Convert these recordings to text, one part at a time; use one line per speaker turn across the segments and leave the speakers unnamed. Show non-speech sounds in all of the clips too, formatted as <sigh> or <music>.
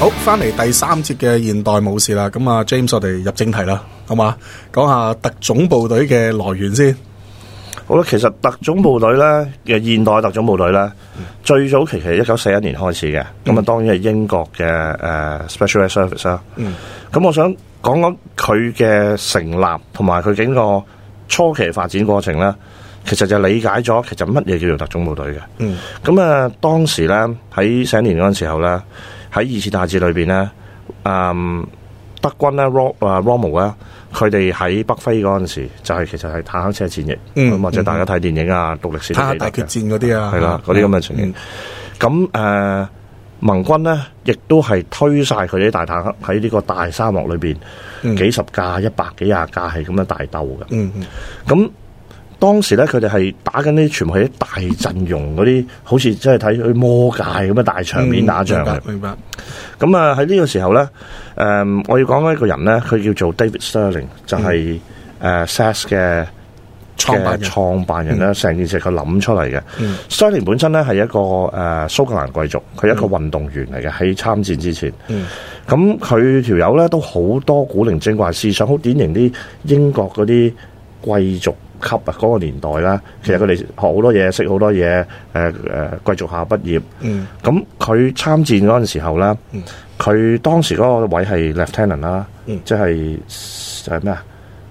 好，翻嚟第三節嘅現代武士啦，咁啊 James，我哋入正題啦，好嘛？講下特種部隊嘅來源先。好啦，其實特種部隊咧嘅現代特種部隊咧，嗯、最早期係一九
四一年開始嘅，咁、嗯呃、啊，當然係英國嘅誒 Special Air Service 啦、嗯。咁我想講講佢嘅成立同埋佢整個初期發展過程咧，其實就理解咗其實乜嘢叫做特種部隊嘅。嗯。咁啊、呃，當時咧喺四年嗰陣時候咧。喺二次大戰裏邊咧，德軍咧 R 啊 Rommel 啊，佢哋喺北非嗰陣時就係其實係坦克車戰役，嗯嗯、或者大家睇電影啊，獨立史坦克大決戰嗰啲啊，係啦，嗰啲咁嘅情形。咁誒、嗯嗯嗯，盟軍咧亦都係推晒佢啲大坦克喺呢個大沙漠裏邊，幾十架、一百幾廿架係咁樣大鬥嘅、嗯。嗯嗯、咁。當時咧，佢哋係打緊啲，全部係啲大陣容嗰啲，好似真係睇去魔界咁嘅大場面打仗。嗯、明白，
明
白。咁啊，喺呢個時候咧，誒，我要講呢一個人咧，佢叫做 David Sterling，就係誒 SAS 嘅創辦人。創辦人啦，成、嗯、件事佢諗出嚟嘅。嗯、Sterling 本身咧係一個誒、呃、蘇格蘭貴族，佢一個運動員嚟嘅喺參戰之前。咁佢條友咧都好多古靈精怪思想，好典型啲英國嗰啲貴族。級啊！嗰個年代啦，其實佢哋學好多嘢，識好多嘢。誒、呃、誒，貴、呃、族校畢業。咁佢參戰嗰陣時候咧，佢、嗯、當時嗰個位係 lieutenant 啦，即係係咩啊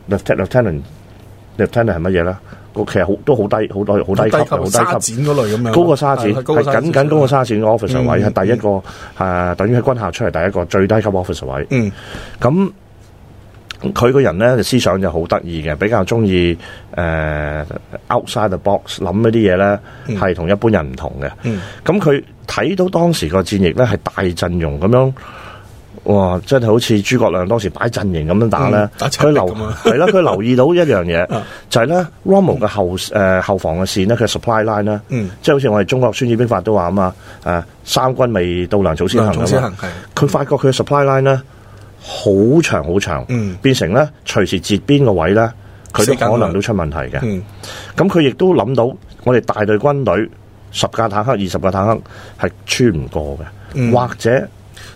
？lieutenant lieutenant 係乜嘢咧？個其實好都好低，好低，好低好低級。低級低級沙展
嗰類咁樣高過沙展，係僅僅
高過沙展個 office、er、位，係、嗯、第一個誒、嗯啊，等於喺軍校出嚟第一個最低級 office、er、位。咁、嗯。佢個人咧思想就好得意嘅，比較中意誒、呃、outside the box 諗啲嘢咧，係同、嗯、一般人唔同嘅。咁佢睇到當時個戰役咧係大陣容咁樣，哇！真係好似諸葛亮當時擺陣營咁樣打咧。佢、嗯、留係、啊、啦，佢留意到一樣嘢、啊、就係咧，Rommel 嘅後誒、嗯、後防嘅線呢，佢 supply line、嗯、即係好似我哋中國孫子兵法都話啊嘛，誒，三軍未到糧草先行啊嘛。佢發覺佢嘅 supply line 呢好長好長，嗯、變成咧隨時截邊個位咧，佢都可能都出問題嘅。咁佢亦都諗到我們隊隊，我哋大隊軍隊十架坦克、二十架坦克係穿唔過嘅，嗯、或者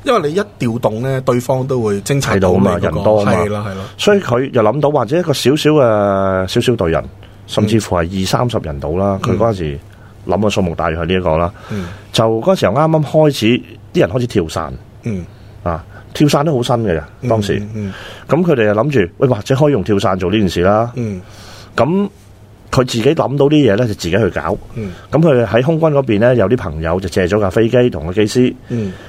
因為你一調動咧，對方都會偵察到、那個、的嘛，人多嘛，係咯係咯。
所以佢又諗到，或者一個小小嘅、小小隊人，嗯、甚至乎係二三十人到啦。佢嗰陣時諗嘅數目大約係呢一個啦。嗯、就嗰陣時啱啱開始，啲人開始跳傘，嗯啊。跳傘都好新嘅，當時，咁佢哋就諗住，喂，或者可以用跳傘做呢件事啦。咁佢、嗯、自己諗到啲嘢咧，就自己去搞。咁佢喺空軍嗰邊咧，有啲朋友就借咗架飛機同個機師。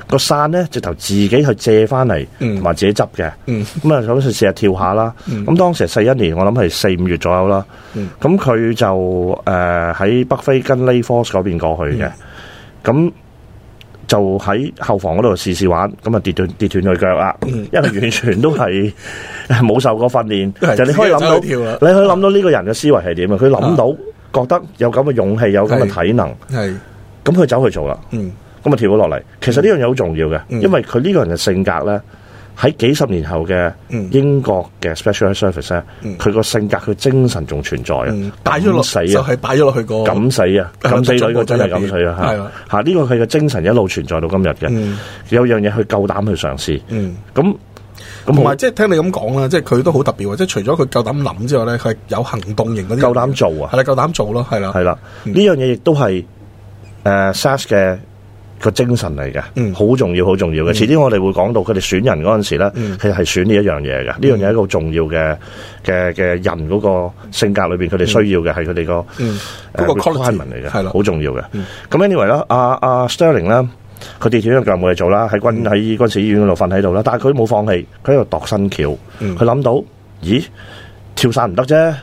個傘咧，直頭自己去借翻嚟，同埋、嗯、自己執嘅。咁啊、嗯，就好似試，試跳下跳下啦。咁、嗯、當時四一年，我諗係四五月左右啦。咁佢、嗯、就誒喺、呃、北非跟呢科 f o r c e 嗰邊過去嘅。咁、嗯嗯就喺後房嗰度試試玩，咁啊跌斷跌斷佢腳啦，嗯、因為完全都係冇 <laughs> 受過訓練，是就你可以諗到，你可以諗到呢個人嘅思維係點啊？佢諗到覺得有咁嘅勇氣，有咁嘅體能，係咁佢走去做啦。嗯，咁啊跳咗落嚟，其實呢樣嘢好重要嘅，嗯、因為佢呢個人嘅性格咧。喺幾十年後嘅英國嘅 Special Service 咧，佢個性格佢精神仲存在啊，擺咗落死啊，係
擺咗落去個敢
死啊，敢死個真係敢死啊，嚇嚇呢個佢嘅精神一路存在到今日嘅，有樣嘢去夠膽去嘗試，咁咁同埋
即係聽你咁講啦，即係佢都好特別啊，即係除咗佢夠膽諗之外咧，佢係有行動型啲夠膽做啊，係啦夠膽做咯，係啦係啦，呢樣嘢亦都係誒 SAS 嘅。
個精神嚟嘅，好重要，好重要嘅。遲啲我哋會講到，佢哋選人嗰陣時咧，其實係選呢一樣嘢嘅。呢樣嘢係一個重要嘅嘅嘅人嗰個性格裏邊，佢哋需要嘅係佢哋個誒，個 culture 嚟嘅，係啦，好重要嘅。咁 anyway 啦，阿阿 Stirling 啦，佢哋跳咗架冇嘢做啦，喺軍喺軍事醫院度瞓喺度啦，但係佢冇放棄，佢喺度度新橋，佢諗到，咦，跳傘唔得啫，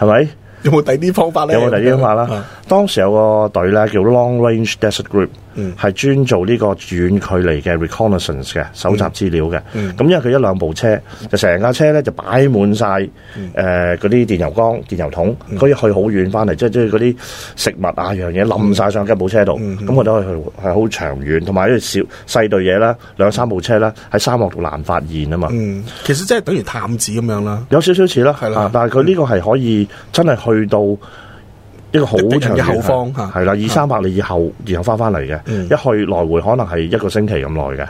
係咪？有冇第
啲方法咧？有冇第啲方法啦？
當時有個隊咧叫 Long Range Desert Group。係專做呢個遠距離嘅 reconnaissance 嘅搜集資料嘅，咁因為佢一兩部車就成架車咧就擺滿晒誒嗰啲電油缸、電油桶，可以去好遠翻嚟，即係即係嗰啲食物啊、樣嘢冧晒上一部車度，咁我哋可以係好長遠，同埋呢啲小細隊嘢啦，兩三部車啦，喺沙漠度難發現啊嘛。嗯，
其實即係等於探子咁樣啦，
有少少似啦，係啦，但係佢呢個係可以真係去到，一個好長嘅敵人後方，係啦，二三百里以後，然後翻翻嚟嘅，一去來回可能係一個星期咁耐嘅。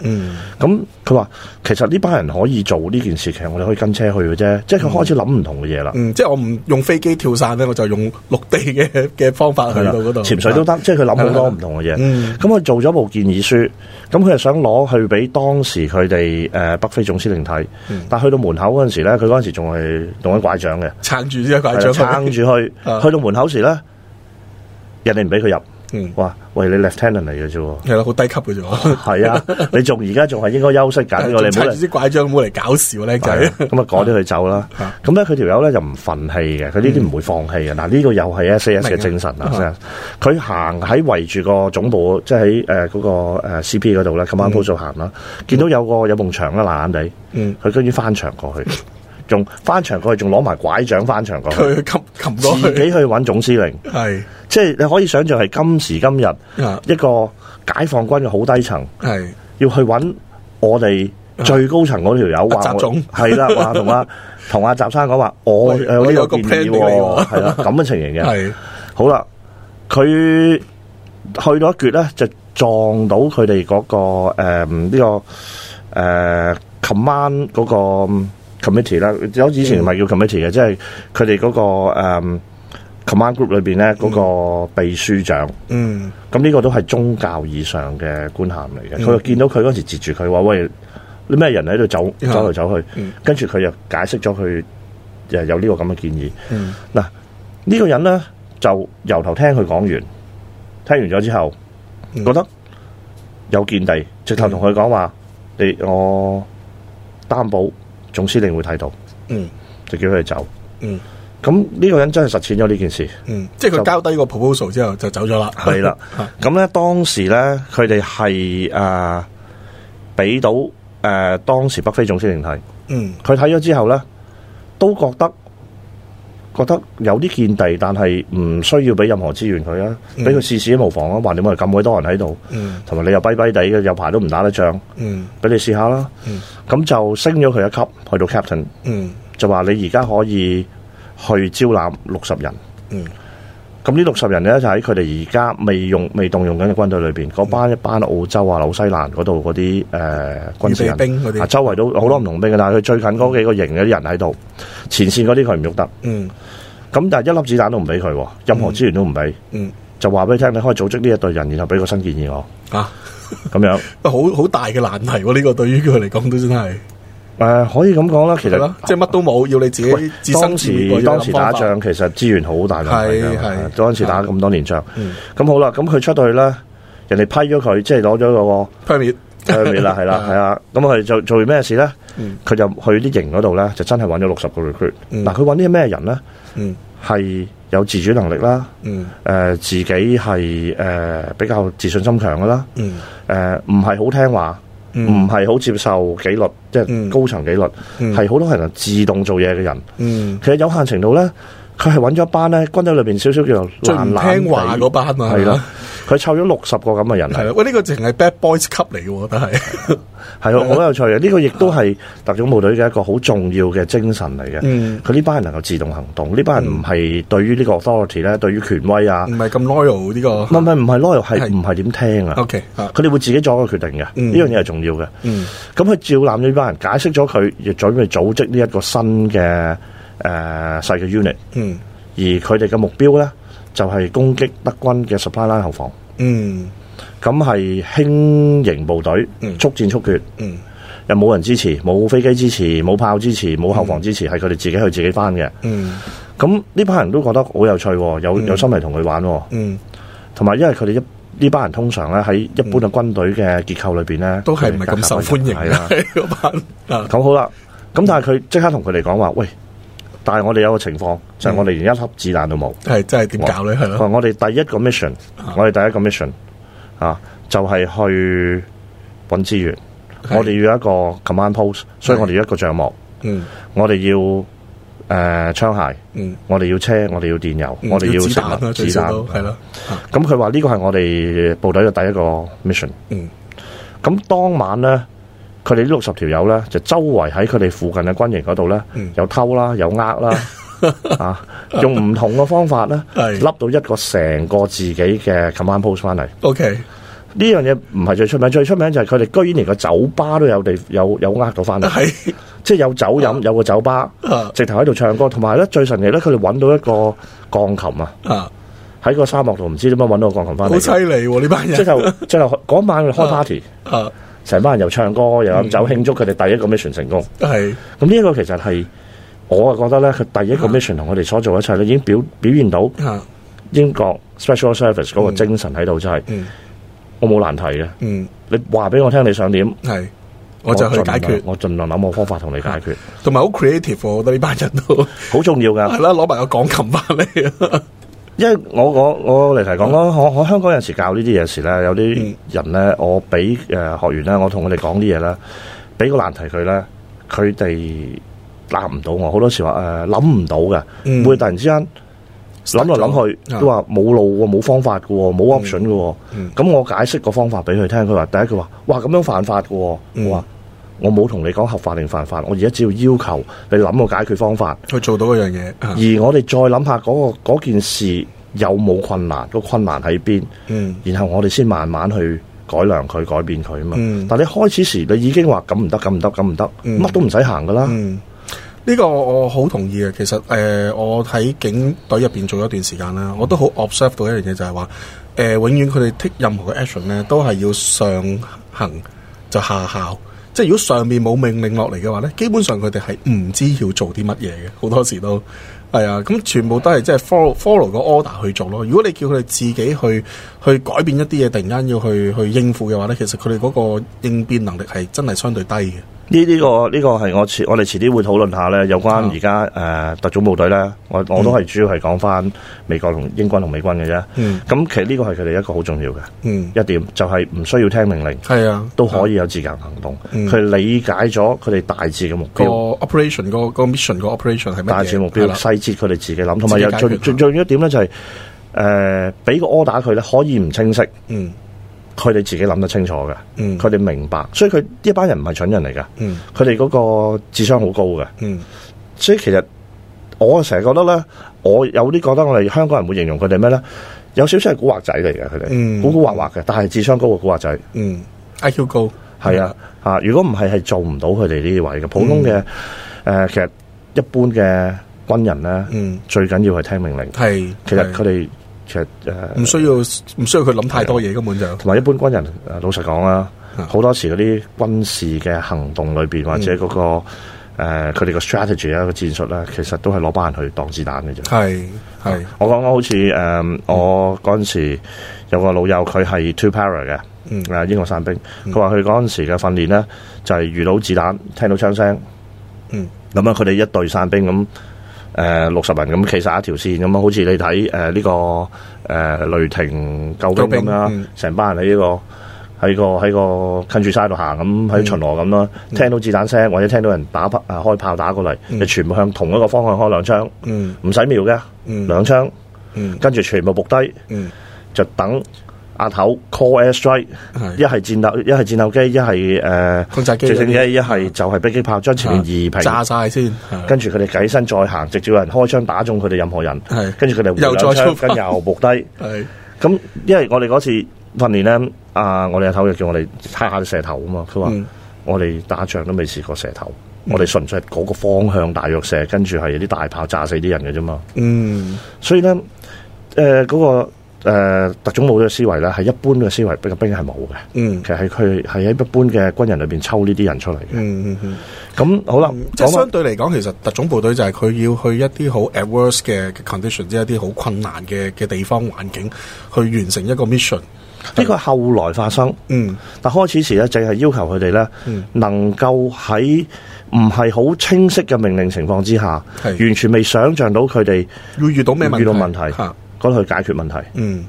咁佢話其實呢班人可以做呢件事情，其實我哋可以跟車去嘅啫。即係佢開始諗唔同
嘅嘢啦。嗯，即係我唔用飛機跳傘咧，我就用陸地嘅嘅方法去到嗰度潛水都得。即係佢諗好多唔同嘅嘢。
咁佢做咗部建議書，咁佢係想攞去俾當時佢哋誒北非總司令睇。但係去到門口嗰陣時咧，佢嗰陣時仲係攞緊拐杖嘅，
撐住呢一拐杖撐住去，去
到門口時咧。人哋唔俾佢入，哇！喂，你 lieutenant 嚟嘅啫，
係啦，好低級嘅啫。係啊，
你仲而家仲係應該休息緊嘅，你唔好攞
拐杖嚟搞笑，
僆仔。咁啊，趕啲佢走啦。咁咧，佢條友咧就唔憤氣嘅，佢呢啲唔會放棄嘅。嗱，呢個又係 SAS 嘅精神啦。佢行喺圍住個總部，即係喺嗰個 CP 嗰度啦，Command Post 行啦。見到有個有埲牆啦，懶懶地，佢居然翻牆過去。仲翻牆過去，仲攞埋拐杖翻牆過去，佢擒擒過去，自己去揾總司令，係即係你可以想象係今時今日，一個解放軍嘅好低層，
係
要去揾我哋最高層嗰條友話，習總係啦話同阿同阿習生講話，我誒呢個 plan 係啦咁嘅情形嘅，係好啦，佢去到一撅咧就撞到佢哋嗰個誒呢個誒琴晚嗰個。committee 啦，有以前唔係叫 committee 嘅，即係佢哋嗰個誒 command group 裏邊咧嗰個秘書長。
嗯，
咁呢個都係宗教以上嘅官銜嚟嘅。佢就見到佢嗰時截住佢話喂，啲咩人喺度走走嚟走去，跟住佢又解釋咗佢誒有呢個咁嘅建議。嗯，嗱呢個人咧就由頭聽佢講完，聽完咗之後覺得有見地，直頭同佢講話，你我擔保。總司令會睇到嗯，嗯，就叫佢哋走，嗯，咁呢個人真係實踐咗呢件事，
嗯，即係佢交低個 proposal 之後就走咗啦，係啦，
咁咧當時咧佢哋係誒俾到誒、呃、當時北非總司令睇，嗯，佢睇咗之後咧都覺得。覺得有啲見地，但係唔需要俾任何資源佢啊，俾佢試試都無妨啊。橫掂我哋咁鬼多人喺度，同埋、嗯、你又跛跛哋嘅，有排都唔打得仗，俾、嗯、你試下啦。咁、嗯、就升咗佢一級，去到 captain，就話你而家可以去招攬六十人。嗯咁呢六十人咧就喺佢哋而家未用、未動用緊嘅軍隊裏面。嗰班一班澳洲啊、紐西蘭嗰度嗰啲誒軍兵，啊周圍都好多唔同兵嘅，嗯、但係佢最近嗰幾個營嘅人喺度，前線嗰啲佢唔喐得。嗯，咁但係一粒子彈都唔俾佢，任何資源都唔俾。嗯，就話俾你聽，你可以組織呢一隊人，然後俾個新建議我。啊，咁樣，
好好 <laughs> 大嘅難題喎、啊！呢、呢個對於佢嚟講都真係。誒，可以咁講啦，其實即係乜都冇，要你自己自身資源要諗方法。當時，當時打仗，
其實資源好大問題嘅，係係當時打咁多年仗。咁好啦，咁佢出去咧，人哋批咗佢，即係攞咗個 permit，permit 啦，係啦，係啊。咁佢就做完咩事咧？佢就去啲營嗰度咧，就真係搵咗六十個 recruit。嗱，佢搵啲咩人咧？係有自主能力啦，誒，自己係誒比較自信心強噶啦，誒，唔係好聽話。唔係好接受紀律，即係高層紀律，係好多人能自動做嘢嘅人。嗯、其實有限程度咧。佢係揾咗班咧，軍隊裏邊少少叫做難聽話嗰班啊，係啦。佢湊咗六十個咁嘅人嚟。係
喂，呢個淨係 Bad Boys 級嚟嘅，
但係係啊，好有趣嘅，呢個亦都係特種部隊嘅一個好重要嘅精神嚟嘅。佢呢班人能夠自動行動，呢班人唔係對於呢個 authority 咧，對於權威啊，唔係咁 loyal 呢個。唔係唔係 loyal，係唔係點聽啊？OK，佢哋會自己作一個決定嘅。呢樣嘢係重要嘅。咁佢招攬咗呢班人，解釋咗佢亦準備組織呢一個新嘅。誒，細嘅 unit，嗯，而佢哋嘅目標咧，就係攻擊德軍嘅 supply line 後防，嗯，咁係輕型部隊，嗯，速戰速決，嗯，又冇人支持，冇飛機支持，冇炮支持，冇後防支持，係佢哋自己去自己返嘅，嗯，咁呢班人都覺得好有趣，有有心嚟，同佢玩，嗯，同埋因為佢哋一呢班人通常咧喺一般嘅軍隊嘅結構裏邊咧，都係唔係咁受歡迎嘅嗰
班，
咁好啦，咁但係佢即刻同佢哋講話，喂！但係我哋有個情況，就係我哋連一粒子彈都冇。係，真係點搞咧？係咯。我哋第一個 mission，我哋第一個 mission 啊，就係去搵資源。我哋要一個 command post，所以我哋要一個帳幕。嗯。我哋要誒槍械。嗯。我哋要車，我哋要電油，我哋要子彈，子彈係咯。咁佢話呢個係我哋部隊嘅第一個 mission。嗯。咁當晚咧？佢哋呢六十條友咧，就周圍喺佢哋附近嘅軍營嗰度咧，有偷啦，有呃啦，啊，用唔同嘅方法咧，笠到一個成個自己嘅 command post 翻嚟。OK，呢樣嘢唔係最出名，最出名就係佢哋居然連個酒吧都有地有有呃到翻嚟，即係有酒飲，有個酒吧，直頭喺度唱歌。同埋咧，最神奇咧，佢哋揾到一個鋼琴啊，喺個沙漠度，唔知點樣揾到個鋼琴翻嚟。好犀利呢班人！即係就即係嗰晚佢哋開 party。成班人又唱歌又飲酒慶祝，佢哋第一個 mission 成功。係咁，呢個其實係我啊覺得咧，佢第一個 mission 同我哋所做一切咧、啊、已經表表現到，英國 special service 嗰個精神喺度就係，我冇難題嘅，嗯，你話俾我聽你想點，
係我就去解決，
我盡量諗冇方法同你解決，
同埋好、啊、creative，我覺得呢班人都好重要噶，係啦， <laughs> 攞埋個鋼琴翻嚟。 <laughs>
因為我我我嚟提講咯，我我,講講、嗯、我,我香港有時教呢啲嘢時咧，有啲人咧，我俾誒、呃、學員咧，我同佢哋講啲嘢啦，俾個難題佢咧，佢哋答唔到我，好多時話誒諗唔到嘅，嗯、會突然之間諗來諗去都話冇、嗯、路喎，冇方法嘅喎，冇 option 嘅喎，咁、嗯嗯、我解釋個方法俾佢聽，佢話第一句話，哇咁樣犯法嘅，嗯、我話。我冇同你講合法定犯法，我而家只要要求你諗個解決方法去做到嗰樣嘢。而我哋再諗下嗰、嗰個嗰件事有冇困難，個困難喺邊，嗯、然後我哋先慢慢去改良佢、改變佢啊嘛。嗯、但係你開始時你已經話咁唔得、咁唔得、咁唔得，乜、嗯、都唔使行噶啦。呢、嗯
呢個我好同意嘅。其實、呃、我喺警隊入面做咗一段時間啦，嗯、我都好 observe 到一樣嘢，就係話永遠佢哋 take 任何嘅 action 咧，都係要上行就下效。即係如果上面冇命令落嚟嘅話咧，基本上佢哋係唔知要做啲乜嘢嘅，好多時都係啊，咁全部都係即係 follow follow 個 order 去做咯。如果你叫佢哋自己去去改變一啲嘢，突然間要去去應付嘅話咧，其實佢哋嗰個應變能力係真係相對低嘅。
呢呢個呢個係我遲我哋遲啲會討論下咧，有關而家誒特種部隊咧，我我都係主要係講翻美國同英軍同美軍嘅啫。嗯，咁其實呢個係佢哋一個好重要嘅嗯一點，就係唔需要聽命令係啊，都可以有自行行動。嗯，佢理解咗佢哋大致嘅目標，個 operation 個個 mission 個 operation 係咩大致目標，細節佢哋自己諗，同埋又最最重要一點咧，就係誒俾個 order 打佢咧，可以唔清晰嗯。佢哋自己諗得清楚噶，佢哋明白，所以佢呢班人唔係蠢人嚟噶，佢哋嗰個智商好高噶，所以其實我成日覺得咧，我有啲覺得我哋香港人會形容佢哋咩咧？有少少係古惑仔嚟噶，佢哋古古惑惑嘅，但係智商高嘅古惑仔
，IQ 高係
啊吓，如果唔係係做唔到佢哋呢啲位嘅，普通嘅誒，其實一般嘅軍人咧，最緊要係聽命令，係其實佢哋。其實唔需
要唔需要佢諗太多嘢，根本就同
埋一般軍人。老實講啦，好多時嗰啲軍事嘅行動裏邊，或者嗰個誒，佢哋個 strategy 啊，個戰術咧，其實都係攞班人去擋子彈嘅啫。係
係，
我講講好似誒，我嗰陣時有個老友，佢係 two para 嘅，嗯，啊英國傘兵，佢話佢嗰陣時嘅訓練咧，就係遇到子彈，聽到槍聲，嗯，咁樣佢哋一隊傘兵咁。誒，六十、呃、人咁企晒一條線咁、嗯、好似你睇誒呢個誒、呃、雷霆救兵咁啦，成樣、嗯、班人喺呢、個喺個喺個近住晒度行咁，喺巡邏咁啦。嗯、聽到子彈聲、嗯、或者聽到人打啊，開炮打過嚟，你、嗯、全部向同一個方向開兩槍，唔使、嗯、瞄嘅，嗯、兩槍，嗯、跟住全部伏低，嗯、就等。炮 call airstrike，一係戰鬥機，一係戰鬥機，一係誒炸機、直升機一係就係迫擊炮，將前面夷平，炸晒先。跟住佢哋計身再行，直接有人開槍打中佢哋任何人，係。跟住佢哋又再衝鋒，跟又仆低。係。咁，因為我哋嗰次訓練呢，我哋阿頭又叫我哋下啲射頭啊嘛，佢話我哋打仗都未試過射頭，我哋純粹嗰個方向大約射，跟住係啲大炮炸死啲人嘅啫嘛。嗯。所以呢，誒嗰個。誒、呃、特種部隊嘅思維咧，係一般嘅思維是沒有的，個兵係冇嘅。嗯，其實係佢係喺一般嘅軍人裏面抽呢啲人出嚟嘅、嗯。嗯嗯嗯。咁好啦、嗯、話即相
對嚟講，其實特種部隊就係佢要去一啲好 adverse 嘅 condition，即係一啲好困難嘅嘅地方環境，去完成一個 mission。呢個係後來發生。嗯。
但開開始時咧，淨係要求佢哋咧能夠喺唔係好清晰嘅命令情況之下，的完全未想像到佢哋會遇到咩遇到問題。嗰去解決問題，
嗯，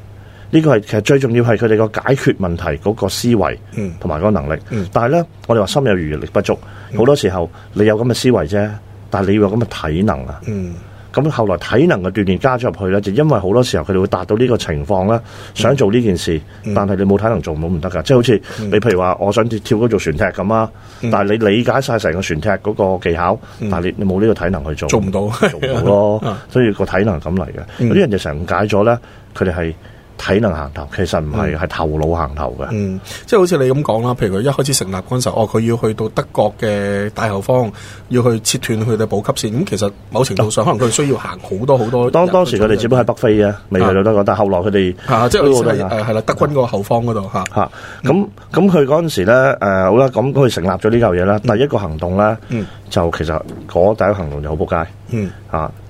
呢個係其實最重要係佢哋個解決問題嗰個思維，同埋嗰個能力，嗯、但係呢，我哋話心有餘力不足，嗯、好多時候你有咁嘅思維啫，但係你要有咁嘅體能啊，嗯。咁後來體能嘅鍛鍊加咗入去咧，就因為好多時候佢哋會達到呢個情況咧，想做呢件事，嗯、但係你冇體能做冇唔得㗎，即係好似你譬如話，我想跳嗰做船踢咁啊，嗯、但係你理解晒成個船踢嗰個技巧，嗯、但你你冇呢個體能去做，做唔不到，做唔到咯， <laughs> 所以個體能咁嚟嘅。有啲、嗯、人就成日誤解咗咧，佢哋係。體能行頭，其實唔係，係、嗯、頭腦行頭嘅。嗯，
即係好似你咁講啦，譬如佢一開始成立嗰陣時候，哦，佢要去到德國嘅大後方，要去切斷佢哋補給線。咁、嗯、其實某程度上，可能佢需要行
好多好多 <laughs> 當。當當時佢哋只不過喺北非啊，未去到德國，啊、但係後來佢哋係即係我哋
係啦，德軍個後方嗰度吓。吓、啊，咁
咁佢嗰陣時咧，誒，好啦，咁佢成立咗呢嚿嘢啦。第一個行動咧，嗯、就其實嗰第一個行動就好仆街。
嗯，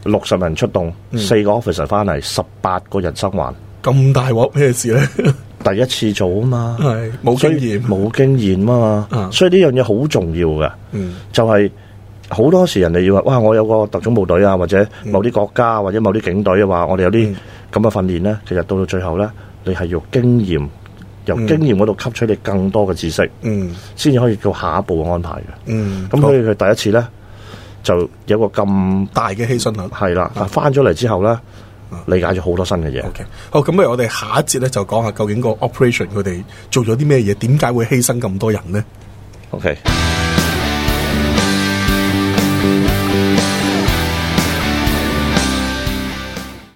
六十、啊、人出動，四、嗯、個 officer 翻嚟，十八個人生還。
咁大鑊咩事咧？
第一次做啊嘛，係冇經驗，冇經驗啊嘛，所以呢樣嘢好重要嘅。嗯，就係好多時人哋要話，哇！我有個特種部隊啊，或者某啲國家或者某啲警隊啊話，我哋有啲咁嘅訓練咧。其實到到最後咧，你係要經驗，由經驗嗰度吸取你更多嘅知識，嗯，先至可以做下一步嘅安排嘅。嗯，咁所以佢第一次咧，就有個咁大嘅犧牲量，係啦。啊，翻咗嚟之後咧。理解咗好多新
嘅嘢。OK，好，咁啊，我哋下一節咧就講下究竟個 operation 佢哋做咗啲咩嘢，點解會犧牲咁多人咧
？OK。